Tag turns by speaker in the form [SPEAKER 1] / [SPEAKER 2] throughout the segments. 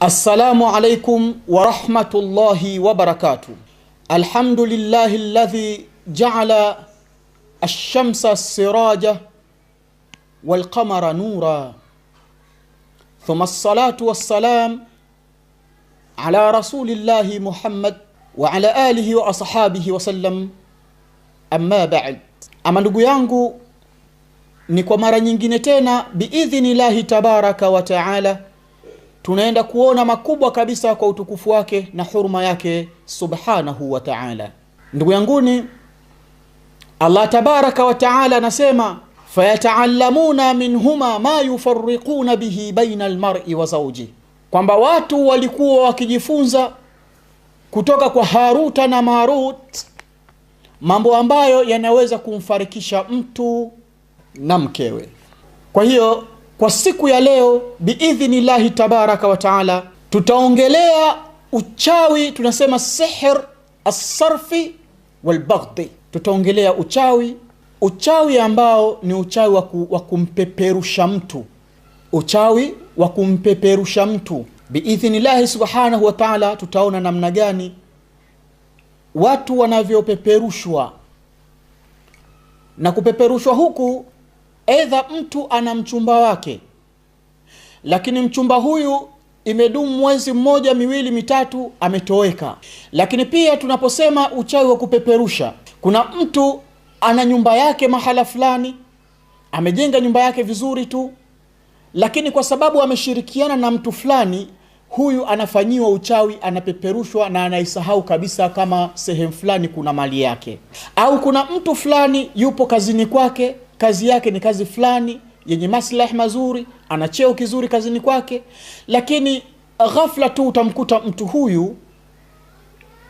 [SPEAKER 1] Assalamu alaikum warahmatullahi wabarakatuh. Alhamdulillahi alladhi jaala ash-shamsa siraja wal qamara nura. Thumma as-salatu was-salam ala rasulillahi Muhammad wa ala alihi wa ashabihi wa sallam. Amma ba'd. Ama ndugu yangu ni kwa mara nyingine tena biidhnillahi tabaraka wa taala tunaenda kuona makubwa kabisa kwa utukufu wake na huruma yake subhanahu wa taala ndugu yanguni allah tabaraka wa taala anasema fayataallamuna minhuma ma yufariquna bihi baina lmari wa zauji kwamba watu walikuwa wakijifunza kutoka kwa haruta na marut mambo ambayo yanaweza kumfarikisha mtu na mkewe kwa hiyo kwa siku ya leo biidhnillahi tabaraka wa taala tutaongelea uchawi, tunasema sihr asarfi walbaghdi. Tutaongelea uchawi, uchawi ambao ni uchawi wa kumpeperusha mtu, uchawi wa kumpeperusha mtu biidhnillahi subhanahu wa taala. Tutaona namna gani watu wanavyopeperushwa na kupeperushwa huku edha mtu ana mchumba wake, lakini mchumba huyu imedumu mwezi mmoja, miwili, mitatu, ametoweka. Lakini pia tunaposema uchawi wa kupeperusha, kuna mtu ana nyumba yake mahala fulani, amejenga nyumba yake vizuri tu, lakini kwa sababu ameshirikiana na mtu fulani, huyu anafanyiwa uchawi, anapeperushwa na anaisahau kabisa kama sehemu fulani kuna mali yake. Au kuna mtu fulani yupo kazini kwake kazi yake ni kazi fulani yenye maslahi mazuri, ana cheo kizuri kazini kwake, lakini ghafla tu utamkuta mtu huyu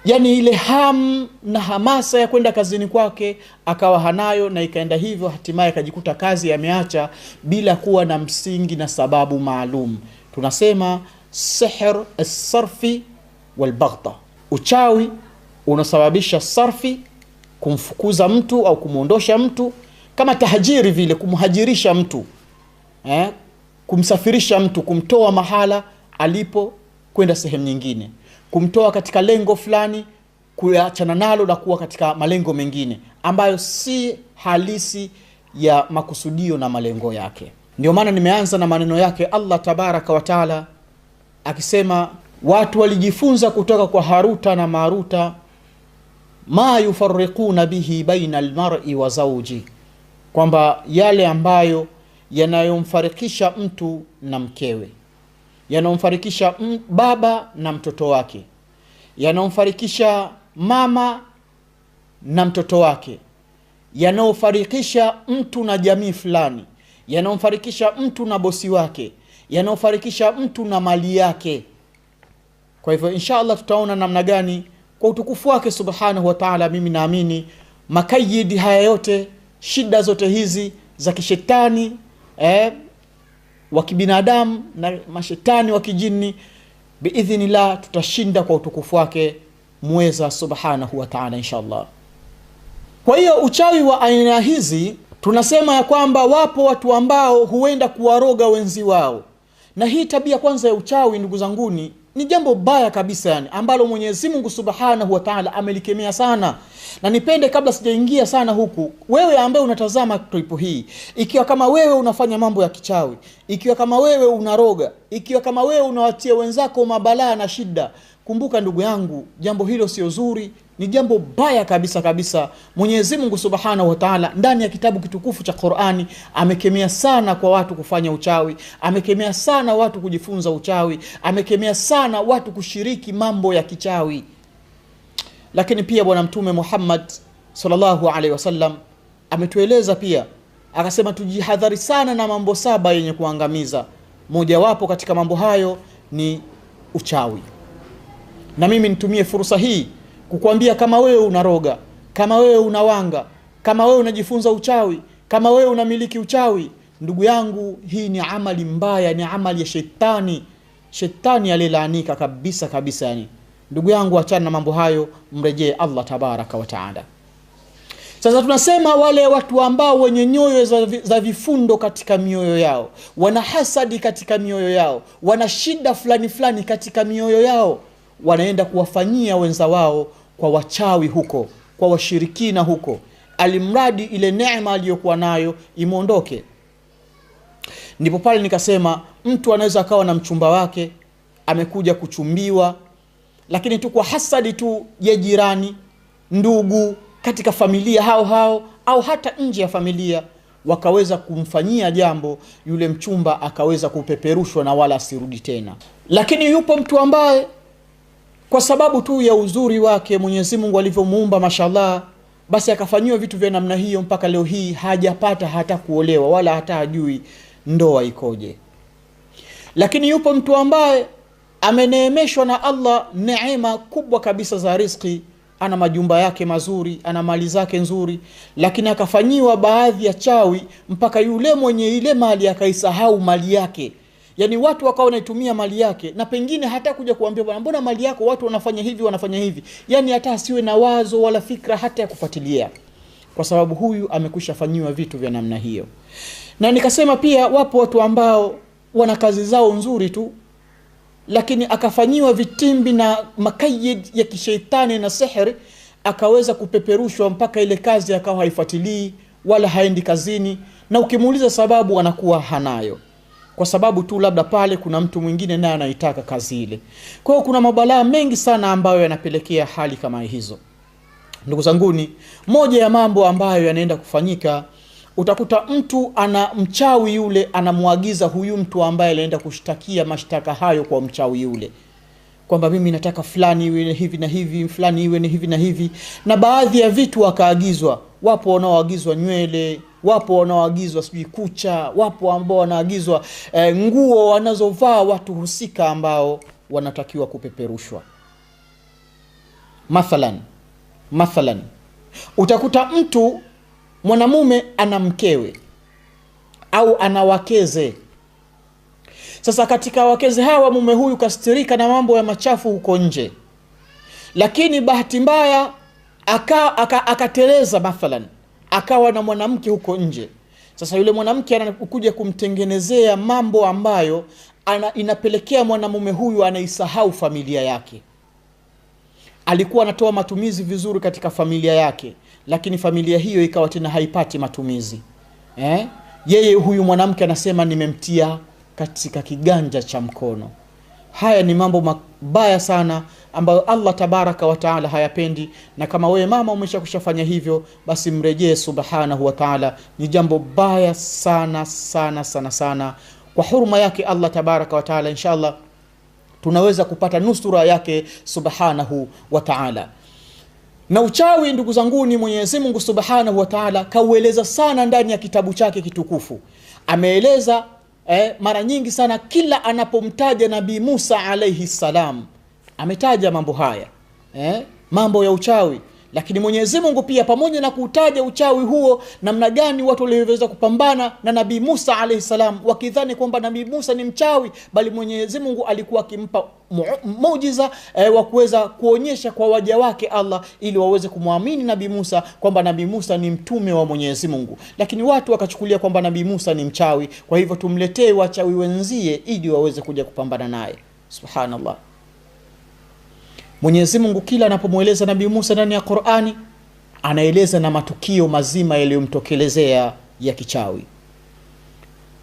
[SPEAKER 1] yani ile hamu na hamasa ya kwenda kazini kwake akawa hanayo, na ikaenda hivyo, hatimaye akajikuta kazi yameacha bila kuwa na msingi na sababu maalum. Tunasema sihr sarfi walbaghta, uchawi unasababisha sarfi, kumfukuza mtu au kumwondosha mtu kama tahajiri vile, kumhajirisha mtu eh, kumsafirisha mtu, kumtoa mahala alipo kwenda sehemu nyingine, kumtoa katika lengo fulani kuachana nalo na kuwa katika malengo mengine ambayo si halisi ya makusudio na malengo yake. Ndio maana nimeanza na maneno yake Allah tabaraka wa taala akisema, watu walijifunza kutoka kwa Haruta na Maruta, ma yufarriquna bihi baina almar'i wa zawji kwamba yale ambayo yanayomfarikisha mtu na mkewe, yanayomfarikisha baba na mtoto wake, yanayomfarikisha mama na mtoto wake, yanayofarikisha mtu na jamii fulani, yanayomfarikisha mtu na bosi wake, yanayofarikisha mtu na mali yake. Kwa hivyo insha allah tutaona namna gani kwa utukufu wake subhanahu wataala mimi naamini makayidi haya yote shida zote hizi za kishetani eh, wa kibinadamu na mashetani wa kijini biidhnillah, tutashinda kwa utukufu wake mweza subhanahu wa ta'ala, Kwa hiyo uchawi wa aina hizi tunasema ya kwamba wapo watu ambao huenda kuwaroga wenzi wao, na hii tabia kwanza ya uchawi, ndugu zanguni ni jambo baya kabisa yani ambalo Mwenyezi Mungu Subhanahu wa Ta'ala amelikemea sana, na nipende kabla sijaingia sana huku, wewe ambaye unatazama clip hii, ikiwa kama wewe unafanya mambo ya kichawi, ikiwa kama wewe unaroga, ikiwa kama wewe unawatia wenzako mabalaa na shida, kumbuka ndugu yangu, jambo hilo sio zuri ni jambo baya kabisa kabisa. Mwenyezi Mungu Subhanahu wa Ta'ala ndani ya kitabu kitukufu cha Qur'ani amekemea sana kwa watu kufanya uchawi, amekemea sana watu kujifunza uchawi, amekemea sana watu kushiriki mambo ya kichawi. Lakini pia Bwana Mtume Muhammad sallallahu alaihi wasallam ametueleza pia, akasema tujihadhari sana na mambo saba yenye kuangamiza. Mojawapo katika mambo hayo ni uchawi, na mimi nitumie fursa hii kukwambia kama wewe unaroga, kama wewe unawanga, kama wewe unajifunza uchawi, kama wewe unamiliki uchawi. Ndugu yangu, hii ni amali mbaya, ni amali ya shetani. Shetani alilaanika kabisa kabisa. Yani ndugu yangu, achana na mambo hayo, mrejee Allah tabaraka wa taala. Sasa tunasema wale watu ambao wenye nyoyo za vifundo katika mioyo yao, wana hasadi katika mioyo yao, wana shida fulani fulani katika mioyo yao wanaenda kuwafanyia wenza wao kwa wachawi huko, kwa washirikina huko, alimradi ile neema aliyokuwa nayo imwondoke. Ndipo pale nikasema mtu anaweza akawa na mchumba wake amekuja kuchumbiwa, lakini tu kwa hasadi tu ya jirani, ndugu katika familia hao hao, au hata nje ya familia, wakaweza kumfanyia jambo, yule mchumba akaweza kupeperushwa na wala asirudi tena. Lakini yupo mtu ambaye kwa sababu tu ya uzuri wake Mwenyezi Mungu alivyomuumba mashallah, basi akafanyiwa vitu vya namna hiyo mpaka leo hii hajapata hata kuolewa wala hata ajui ndoa ikoje. Lakini yupo mtu ambaye ameneemeshwa na Allah neema kubwa kabisa za riziki, ana majumba yake mazuri, ana mali zake nzuri, lakini akafanyiwa baadhi ya chawi mpaka yule mwenye ile mali akaisahau mali yake yaani watu wakawa wanaitumia mali yake na pengine hata kuja kuambia bwana mbona mali yako watu wanafanya hivi wanafanya hivi yaani hata asiwe na wazo wala fikra hata ya kufuatilia kwa sababu huyu amekwisha vitu vya namna hiyo na nikasema pia wapo watu ambao wana kazi zao nzuri tu lakini akafanyiwa vitimbi na makayid ya kisheitani na sehri akaweza kupeperushwa mpaka ile kazi akawa haifuatilii wala haendi kazini na ukimuuliza sababu anakuwa hanayo kwa sababu tu labda pale kuna mtu mwingine naye anaitaka kazi ile. Kwa hiyo kuna mabalaa mengi sana ambayo yanapelekea hali kama hizo. Ndugu zanguni, moja ya mambo ambayo yanaenda kufanyika utakuta mtu ana mchawi yule anamwagiza huyu mtu ambaye anaenda kushtakia mashtaka hayo kwa mchawi yule kwamba mimi nataka fulani iwe hivi na hivi, fulani iwe ni hivi na hivi, na baadhi ya vitu wakaagizwa. Wapo wanaoagizwa nywele wapo wanaoagizwa sijui kucha, wapo ambao wanaagizwa e, nguo wanazovaa watu husika ambao wanatakiwa kupeperushwa. Mathalan, mathalan utakuta mtu mwanamume ana mkewe au ana wakeze. Sasa katika wakeze hawa mume huyu kastirika na mambo ya machafu huko nje, lakini bahati mbaya aka, aka, akateleza mathalan akawa na mwanamke huko nje. Sasa yule mwanamke anakuja kumtengenezea mambo ambayo ana, inapelekea mwanamume huyu anaisahau familia yake. Alikuwa anatoa matumizi vizuri katika familia yake, lakini familia hiyo ikawa tena haipati matumizi eh? Yeye huyu mwanamke anasema nimemtia katika kiganja cha mkono. Haya ni mambo mabaya sana ambayo Allah tabaraka wa taala hayapendi, na kama wewe mama umesha kushafanya hivyo, basi mrejee subhanahu wa taala. Ni jambo baya sana sana sana sana. Kwa huruma yake Allah tabaraka wa taala, tunaweza kupata nusura yake subhanahu wa taala. Na uchawi ndugu zanguni, Mwenyezi Mungu subhanahu wa taala kaueleza sana ndani ya kitabu chake kitukufu, ameeleza eh, mara nyingi sana kila anapomtaja Nabii Musa alaihi salam ametaja mambo haya eh, mambo ya uchawi lakini mwenyezi mungu pia pamoja na kuutaja uchawi huo namna gani watu walioweza kupambana na nabii musa alaihi salam wakidhani kwamba nabii musa ni mchawi bali mwenyezi mungu alikuwa akimpa muujiza eh, wa kuweza kuonyesha kwa waja wake allah ili waweze kumwamini nabii musa kwamba nabii musa ni mtume wa mwenyezi mungu lakini watu wakachukulia kwamba nabii musa ni mchawi kwa hivyo tumletee wachawi wenzie ili waweze kuja kupambana naye subhanallah Mwenyezi Mungu kila anapomweleza Nabii Musa ndani ya Qur'ani anaeleza na matukio mazima yaliyomtokelezea ya kichawi.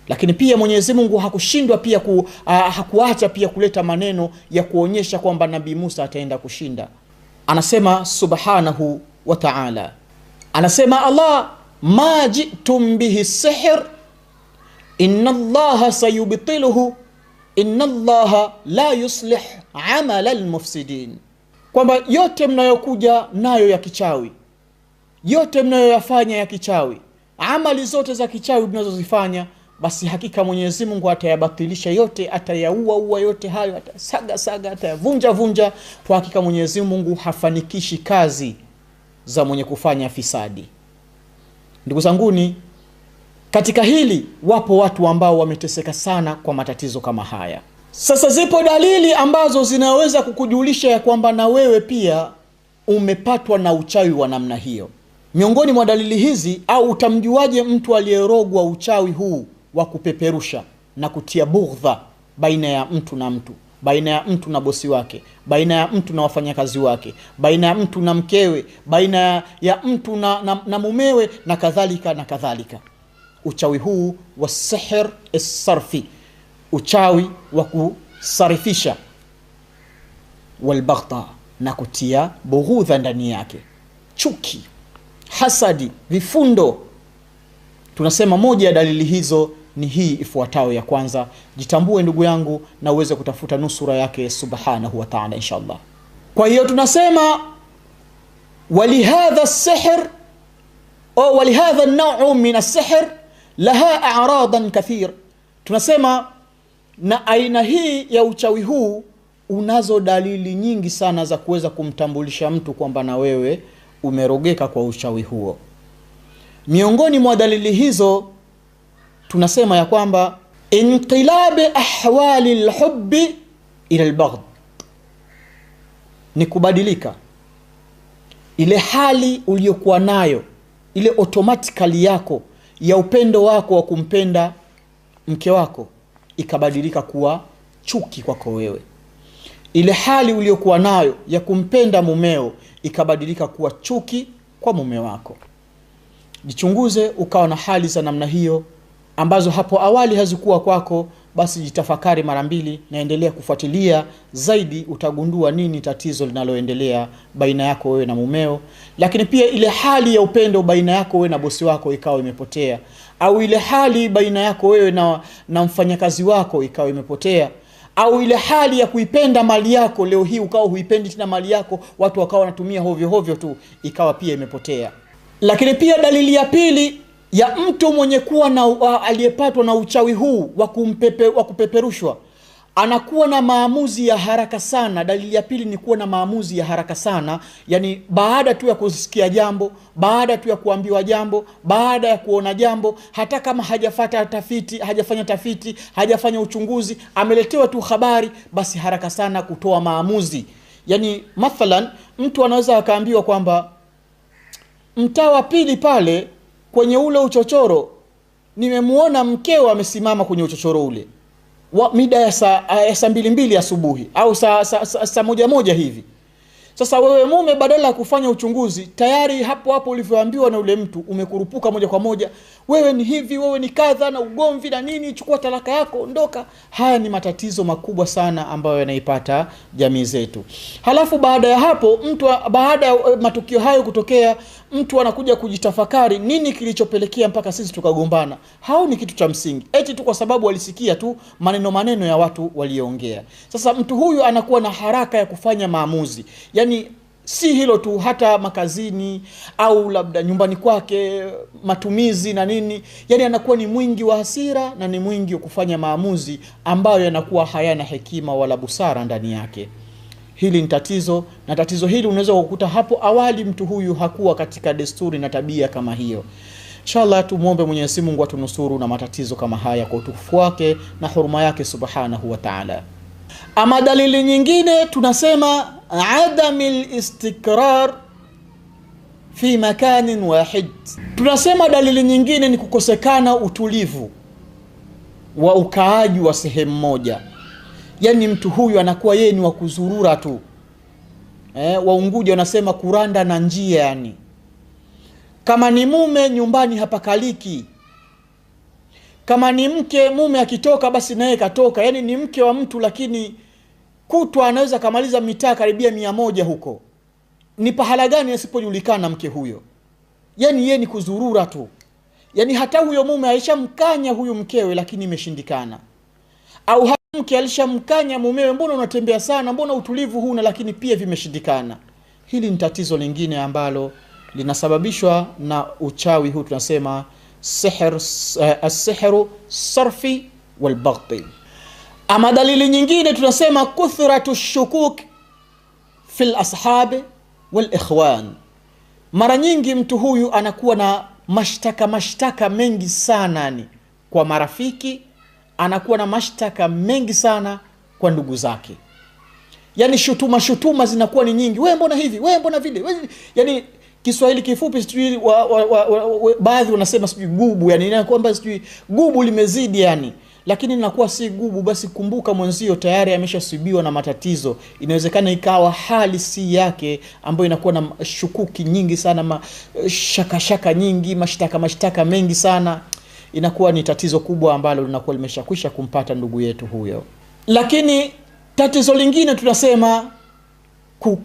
[SPEAKER 1] Lakini pia Mwenyezi Mungu hakushindwa pia ku, ah, hakuacha pia kuleta maneno ya kuonyesha kwamba Nabii Musa ataenda kushinda. Anasema subhanahu wa ta'ala, anasema Allah ma jitum bihi sihr inna Allaha sayubtiluhu inna Allaha la yuslih amala almufsidin kwamba yote mnayokuja nayo ya kichawi, yote mnayoyafanya ya kichawi, amali zote za kichawi mnazozifanya, basi hakika Mwenyezi Mungu atayabatilisha yote, atayaua ua yote hayo, atasaga saga, atayavunja vunja. Kwa hakika Mwenyezi Mungu hafanikishi kazi za mwenye kufanya fisadi. Ndugu zanguni, katika hili wapo watu ambao wameteseka sana kwa matatizo kama haya. Sasa zipo dalili ambazo zinaweza kukujulisha ya kwamba na wewe pia umepatwa na uchawi wa namna hiyo. Miongoni mwa dalili hizi, au utamjuaje mtu aliyerogwa uchawi huu wa kupeperusha na kutia bughdha baina ya mtu na mtu, baina ya mtu na bosi wake, baina ya mtu na wafanyakazi wake, baina ya mtu na mkewe, baina ya mtu na, na, na mumewe na kadhalika na kadhalika. Uchawi huu wa sihr sarfi uchawi wa kusarifisha, walbaghta, na kutia bughudha ndani yake, chuki, hasadi, vifundo. Tunasema moja ya dalili hizo ni hii ifuatayo. Ya kwanza, jitambue ndugu yangu, na uweze kutafuta nusura yake subhanahu wa ta'ala, insha Allah. Kwa hiyo tunasema walihadha sihr au walihadha an min as-sihr laha a'radan kathir, tunasema na aina hii ya uchawi huu unazo dalili nyingi sana za kuweza kumtambulisha mtu kwamba na wewe umerogeka kwa uchawi huo. Miongoni mwa dalili hizo tunasema ya kwamba inqilabi ahwali lhubi ila lbaghd, ni kubadilika ile hali uliyokuwa nayo, ile otomatikali yako ya upendo wako wa kumpenda mke wako ikabadilika kuwa chuki kwako wewe. Ile hali uliyokuwa nayo ya kumpenda mumeo ikabadilika kuwa chuki kwa mume wako. Jichunguze ukawa na hali za namna hiyo ambazo hapo awali hazikuwa kwako, basi jitafakari mara mbili, naendelea kufuatilia zaidi, utagundua nini tatizo linaloendelea baina yako wewe na mumeo. Lakini pia ile hali ya upendo baina yako wewe na bosi wako ikawa imepotea au ile hali baina yako wewe na, na mfanyakazi wako ikawa imepotea au ile hali ya kuipenda mali yako leo hii ukawa huipendi tena mali yako watu wakawa wanatumia hovyo hovyo tu ikawa pia imepotea lakini pia dalili ya pili ya mtu mwenye kuwa na aliyepatwa na uchawi huu wa kupeperushwa anakuwa na maamuzi ya haraka sana. Dalili ya pili ni kuwa na maamuzi ya haraka sana, yani baada tu ya kusikia jambo, baada tu ya kuambiwa jambo, baada ya kuona jambo, hata kama hajafata tafiti, hajafanya tafiti, hajafanya uchunguzi, ameletewa tu habari, basi haraka sana kutoa maamuzi. Yani mathalan, mtu anaweza akaambiwa kwamba mtaa wa pili pale kwenye ule uchochoro, nimemwona mkeo amesimama kwenye uchochoro ule wa mida ya saa ya eh, saa mbili mbili asubuhi au saa sa, sa, sa moja moja hivi. Sasa wewe mume, badala ya kufanya uchunguzi, tayari hapo hapo ulivyoambiwa na ule mtu umekurupuka moja kwa moja, wewe ni hivi, wewe ni kadha, na ugomvi na nini, chukua talaka yako, ondoka. Haya ni matatizo makubwa sana ambayo yanaipata jamii zetu. Halafu baada ya hapo mtu, baada ya eh, matukio hayo kutokea, mtu anakuja kujitafakari nini kilichopelekea mpaka sisi tukagombana. Hao ni kitu cha msingi, eti tu kwa sababu walisikia tu maneno maneno ya watu waliongea. Sasa mtu huyu anakuwa na haraka ya kufanya maamuzi, yaani si hilo tu, hata makazini au labda nyumbani kwake, matumizi na nini, yaani anakuwa ni mwingi wa hasira na ni mwingi wa kufanya maamuzi ambayo yanakuwa hayana hekima wala busara ndani yake. Hili ni tatizo, na tatizo hili unaweza kukuta hapo awali mtu huyu hakuwa katika desturi na tabia kama hiyo. Inshallah, tumwombe Mwenyezi Mungu atunusuru na matatizo kama haya kwa utukufu wake na huruma yake subhanahu wa taala. Ama dalili nyingine tunasema adami listikrar fi makanin wahid. Tunasema dalili nyingine ni kukosekana utulivu wa ukaaji wa sehemu moja yani mtu huyu anakuwa yeye ni wa kuzurura tu eh, Waunguja wanasema kuranda na njia, yani kama ni mume nyumbani hapakaliki, kama ni mke, mume akitoka basi naye katoka, yani ni mke wa mtu, lakini kutwa anaweza kamaliza mitaa karibia mia moja huko. Ni pahala gani asipojulikana mke huyo? Yani yeye ni kuzurura tu, yani hata huyo mume aishamkanya huyu mkewe, lakini imeshindikana au Mke alishamkanya mumewe, mbona unatembea sana, mbona utulivu huna, lakini pia vimeshindikana. Hili ni tatizo lingine ambalo linasababishwa na uchawi huu, tunasema sihr, uh, eh, sihru sarfi walbatil. Ama dalili nyingine tunasema kuthratu shukuk fi lashabi walikhwan. Mara nyingi mtu huyu anakuwa na mashtaka mashtaka mengi sana ni kwa marafiki anakuwa na mashtaka mengi sana kwa ndugu zake yani shutuma shutuma zinakuwa ni nyingi wee mbona hivi wee mbona vile we, yani kiswahili kifupi sijui wa, wa, wa, wa, wa, baadhi wanasema sijui gubu yani kwamba sijui gubu limezidi yani lakini inakuwa si gubu basi kumbuka mwenzio tayari ameshasibiwa na matatizo inawezekana ikawa hali si yake ambayo inakuwa na shukuki nyingi sana ma, shaka, shaka nyingi mashtaka mashtaka mengi sana inakuwa ni tatizo kubwa ambalo linakuwa limeshakwisha kumpata ndugu yetu huyo. Lakini tatizo lingine tunasema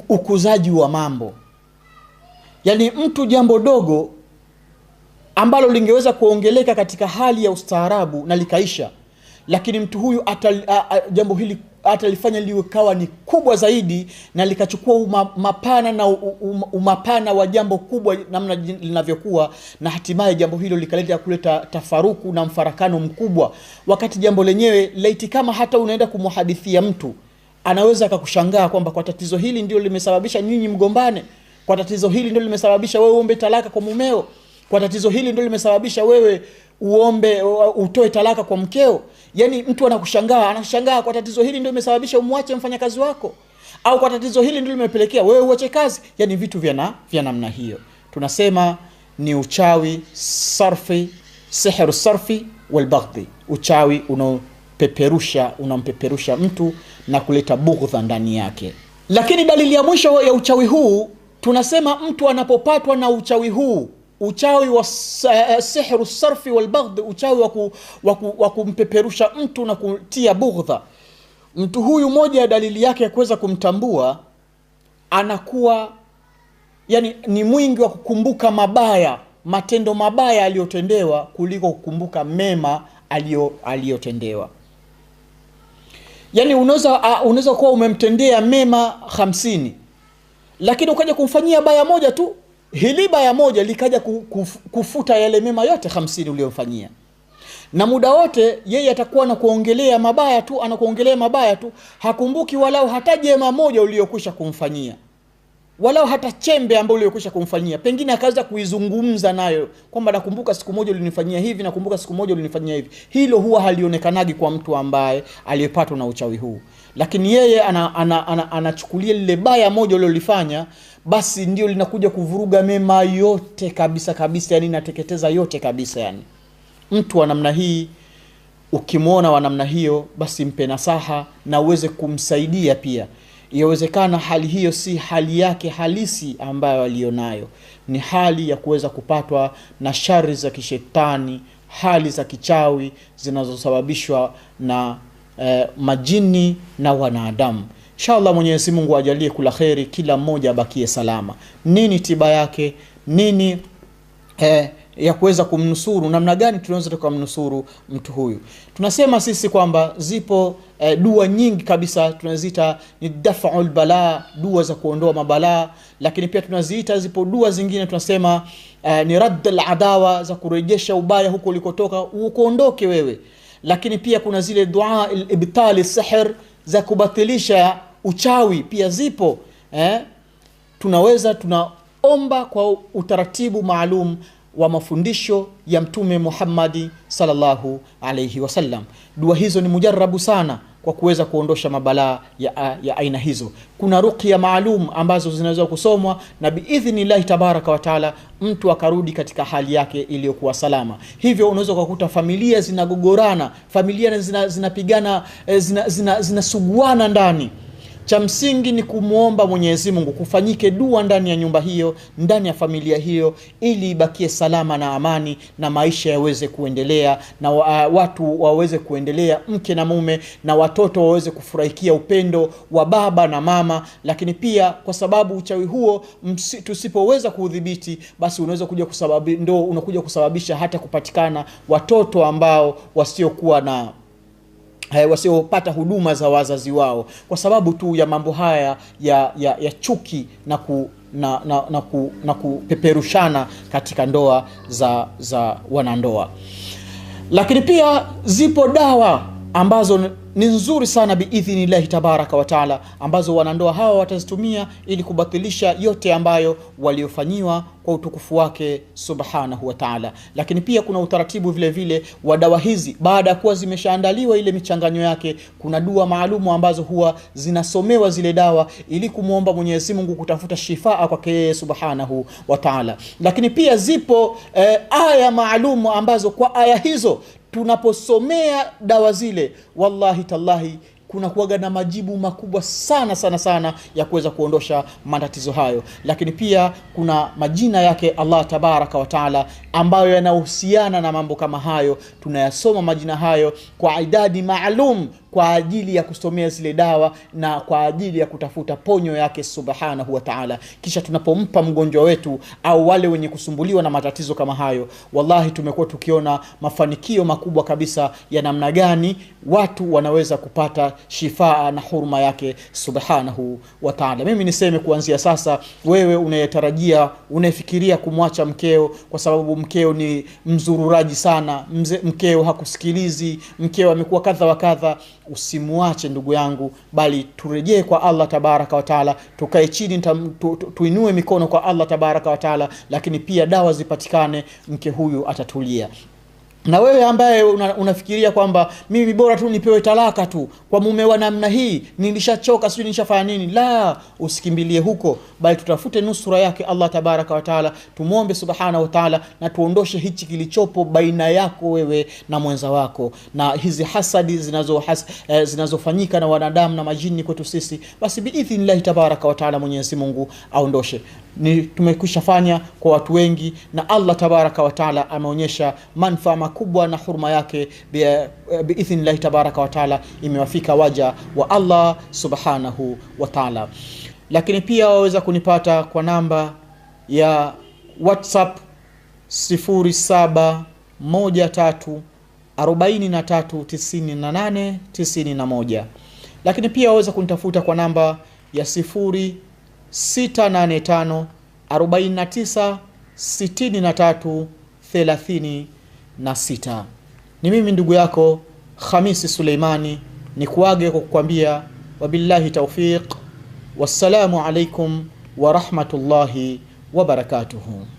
[SPEAKER 1] ukuzaji wa mambo, yaani mtu jambo dogo ambalo lingeweza kuongeleka katika hali ya ustaarabu na likaisha, lakini mtu huyu ata, a, a, jambo hili atalifanya likawa ni kubwa zaidi na likachukua uma, mapana na umapana wa jambo kubwa namna linavyokuwa, na hatimaye jambo hilo likaleta kuleta tafaruku na mfarakano mkubwa, wakati jambo lenyewe laiti kama hata unaenda kumhadithia mtu anaweza akakushangaa kwamba kwa tatizo hili ndio limesababisha nyinyi mgombane, kwa tatizo hili ndio limesababisha wewe uombe talaka kwa mumeo, kwa tatizo hili ndio limesababisha wewe uombe utoe talaka kwa mkeo. Yaani mtu anakushangaa, anashangaa kwa tatizo hili ndio imesababisha umwache mfanyakazi wako au kwa tatizo hili ndio limepelekea wewe uache kazi, yaani vitu vya vya namna hiyo. Tunasema ni uchawi sarfi, sihru sarfi wal uchawi unaopeperusha unampeperusha mtu na kuleta bughdha ndani yake. Lakini dalili ya mwisho ya uchawi huu tunasema mtu anapopatwa na uchawi huu uchawi wa eh, eh, sihru sarfi walbaghdhi, uchawi wa, kumpeperusha mtu na kutia bughdha mtu huyu. Moja ya dalili yake ya kuweza kumtambua anakuwa yani, ni mwingi wa kukumbuka mabaya, matendo mabaya aliyotendewa kuliko kukumbuka mema aliyotendewa. Yani unaweza ah, unaweza kuwa umemtendea mema hamsini, lakini ukaja kumfanyia baya moja tu hili baya moja likaja kufuta yale mema yote hamsini uliyomfanyia na muda wote yeye atakuwa anakuongelea mabaya tu, anakuongelea mabaya tu, hakumbuki walau hata jema moja uliyokwisha kumfanyia, walau hata chembe ambayo uliyokwisha kumfanyia. Pengine akaweza kuizungumza nayo kwamba nakumbuka siku moja ulinifanyia hivi, nakumbuka siku moja ulinifanyia hivi. Hilo huwa halionekanagi kwa mtu ambaye aliyepatwa na uchawi huu, lakini yeye anachukulia ana, ana, ana, ana lile baya moja ulilolifanya basi ndio linakuja kuvuruga mema yote kabisa kabisa, yani inateketeza yote kabisa. Yani mtu wa namna hii ukimwona wa namna hiyo, basi mpe nasaha na uweze kumsaidia pia. Yawezekana hali hiyo si hali yake halisi ambayo aliyonayo, ni hali ya kuweza kupatwa na shari za kishetani, hali za kichawi zinazosababishwa na eh, majini na wanadamu. Inshallah Mwenyezi Mungu ajalie kula kheri, kila mmoja abakie salama. Nini tiba yake? Nini eh, ya kuweza kumnusuru, namna gani tunaweza tukamnusuru mtu huyu? Tunasema sisi kwamba zipo eh, dua nyingi kabisa, tunaziita ni dafaul balaa, dua za kuondoa mabalaa, lakini pia tunaziita, zipo dua zingine tunasema eh, ni raddal adawa, za kurejesha ubaya huko ulikotoka ukuondoke wewe, lakini pia kuna zile dua ibtali sihr za kubatilisha uchawi pia zipo eh? Tunaweza tunaomba kwa utaratibu maalum wa mafundisho ya Mtume Muhammadi sallallahu alaihi wasallam. Dua hizo ni mujarabu sana kwa kuweza kuondosha mabalaa ya, ya aina hizo. Kuna ruqya maalum ambazo zinaweza kusomwa na biidhnillahi tabaraka wa taala, mtu akarudi katika hali yake iliyokuwa salama. Hivyo unaweza ukakuta familia zinagogorana, familia zinapigana, eh, zina, zina, zina, zina, ndani cha msingi ni kumwomba Mwenyezi Mungu kufanyike dua ndani ya nyumba hiyo, ndani ya familia hiyo, ili ibakie salama na amani, na maisha yaweze kuendelea, na wa, uh, watu waweze kuendelea, mke na mume na watoto waweze kufurahikia upendo wa baba na mama. Lakini pia kwa sababu uchawi huo tusipoweza kuudhibiti, basi unaweza kuja kusababi, ndo unakuja kusababisha hata kupatikana watoto ambao wasiokuwa na Eh, wasiopata huduma za wazazi wao kwa sababu tu ya mambo haya ya, ya, ya chuki na, ku, na, na, na, ku, na kupeperushana katika ndoa za, za wanandoa. Lakini pia zipo dawa ambazo ni nzuri sana biidhinillahi tabaraka wataala, ambazo wanandoa hawa watazitumia ili kubatilisha yote ambayo waliofanyiwa kwa utukufu wake subhanahu wataala. Lakini pia kuna utaratibu vile vile wa dawa hizi, baada ya kuwa zimeshaandaliwa ile michanganyo yake, kuna dua maalumu ambazo huwa zinasomewa zile dawa ili kumwomba mwenyezimungu Mungu kutafuta shifaa kwake yeye subhanahu wataala. Lakini pia zipo eh, aya maalumu ambazo kwa aya hizo tunaposomea dawa zile, wallahi tallahi kuna kuwaga na majibu makubwa sana sana sana ya kuweza kuondosha matatizo hayo, lakini pia kuna majina yake Allah tabaraka wa taala ambayo yanahusiana na mambo kama hayo. Tunayasoma majina hayo kwa idadi maalum kwa ajili ya kusomea zile dawa na kwa ajili ya kutafuta ponyo yake subhanahu wa taala. Kisha tunapompa mgonjwa wetu au wale wenye kusumbuliwa na matatizo kama hayo, wallahi tumekuwa tukiona mafanikio makubwa kabisa ya namna gani watu wanaweza kupata shifaa na huruma yake subhanahu wa taala. Mimi niseme kuanzia sasa, wewe unayetarajia, unayefikiria kumwacha mkeo kwa sababu mkeo ni mzururaji sana, mze, mkeo hakusikilizi, mkeo amekuwa kadha wa kadha usimwache ndugu yangu, bali turejee kwa Allah tabaraka wataala, tukae chini tu, tu, tuinue mikono kwa Allah tabaraka wataala, lakini pia dawa zipatikane, mke huyu atatulia na wewe ambaye una, unafikiria kwamba mimi bora tu nipewe talaka tu kwa mume wa namna hii, nilishachoka, sijui nilishafanya nini. La, usikimbilie huko, bali tutafute nusura yake Allah tabaraka wa taala, tumwombe subhanahu wa taala na tuondoshe hichi kilichopo baina yako wewe na mwenza wako na hizi hasadi zinazo has, eh, zinazofanyika na wanadamu na majini kwetu sisi, basi biidhnillahi tabaraka wa taala Mwenyezi Mungu aondoshe ni tumekwisha fanya kwa watu wengi, na Allah tabaraka wa taala ameonyesha manfaa makubwa na huruma yake biidhnillahi eh, tabaraka wa taala, imewafika waja wa Allah subhanahu wa taala. Lakini pia waweza kunipata kwa namba ya WhatsApp 0713 439891 lakini pia waweza kunitafuta kwa namba ya sifuri 6 Ni mimi ndugu yako Khamisi Suleimani, ni kuage kwa kukwambia wabillahi taufiq, wassalamu alaikum warahmatullahi wabarakatuhu